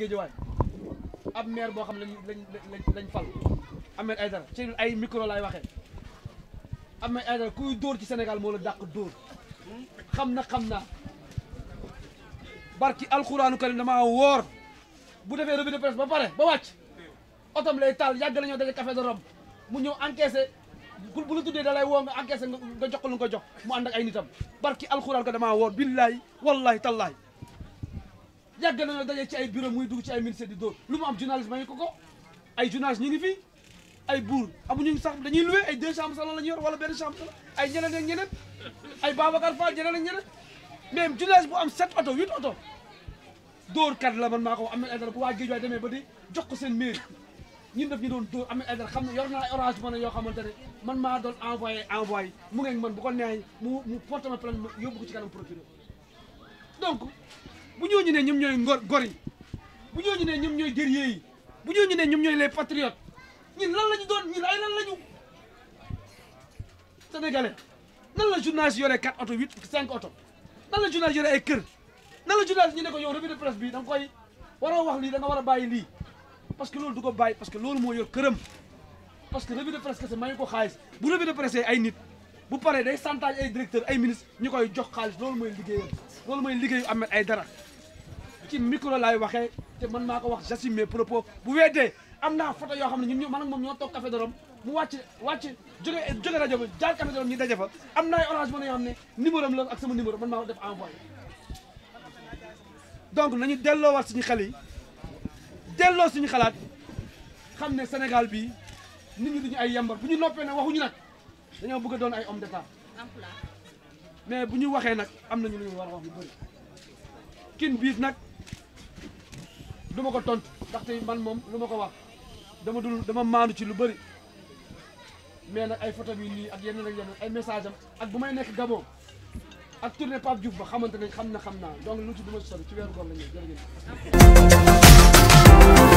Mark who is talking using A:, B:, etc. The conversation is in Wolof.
A: géejawaay ab maire boo xam ne lañ lañ lañ fal Ahmed Aïdara ci ay micro laay waxee Ahmed Aïdara kuy dóor ci Sénégal moo la dàq dóor xam na xam naa barki alxuraanu karim damaa woor bu defee revue de presse ba pare ba wàcc otom lay taal yàgg la daje café de Rome mu ñëw encaissé ku bu la tuddee da lay woo nga encaissé nga jox ko lu nga ko jox mu ànd ak ay nitam barki alxuraan ko damaa woor billahi wallahi tallahi yàgg nañoo daje ci ay bureau muy dugg ci ay ministère di dóor lu mu am journaliste mayu ko ko ay journaliste ñu ngi fi ay buur amuñu sax dañuy loué ay deux am salon la ñu yor wala benn chambre salon ay ñeneen ak ñeneen ay Babacar Fall ñeneen ak ñeneen mais journaliste bu am sept oto huit oto dóor kat la man maa ko am na ay dara bu waa géej demee ba di jox ko seen mairie ñun daf ñu doon dóor am xam ne yor naa ay orange mën yoo xamante ne man maa doon envoyé envoyé mu ngeen man bu ko na mu mu porté ma plainte yóbbu ko ci kanam procureur donc bu ñëw ñu ne ñoom ñooy ngor gor yi bu ñooñu ne ñoom ñooy guerrier yi bu ñooñu ne ñoom ñooy les patriotes ñun lan la ñu doon ñun ay lan la ñu sénégalais nan la journaliste yore 4 oto 8 5 oto nan la journaliste yore ay kër nan la journaliste ñu ne ko yow revue de presse bi da nga koy waroo wax lii da war a bàyyi lii parce que loolu du ko bàyyi parce que loolu moo yor këram parce que revue de presse kese mayu ko xaalis bu revue de presse ay nit bu paree day chantage ay directeur ay ministre ñu koy jox xaalis loolu mooy liggéeyam loolu mooy liggéeyu Ahmed Aidara ci micro laay waxee te man maa ko wax j'assume mes propos bu weetee am naa photo yoo xam ne ñun ñoo man ak moom ñoo toog café de Rome mu wàcc wàcc jóge rajo bi jaar café de Rome daje fa am na ay orange mën yoo xam ne numéro am la ak sama numéro man maa ko def envoyé donc nañu delloowaat suñu xel yi delloo suñu xalaat xam ne Sénégal bii nit ñi duñu ay yambar bu ñu noppee nag waxuñu nag dañoo bëgg a doon ay homme d'état mais bu ñu waxee nag am nañu lu ñu war a du ma ko tontu ndaxte man moom lu ma ko wax dama dul dama maanu ci lu bëri mais nag ay photo yi nii ak yeneen ak yeneen ay message ak bu may nekk Gabon ak tournée Pape Diouf ba xamante nañ xam na xam naa donc lu ci du ma sori ci weeru ko la ñu jërëjëf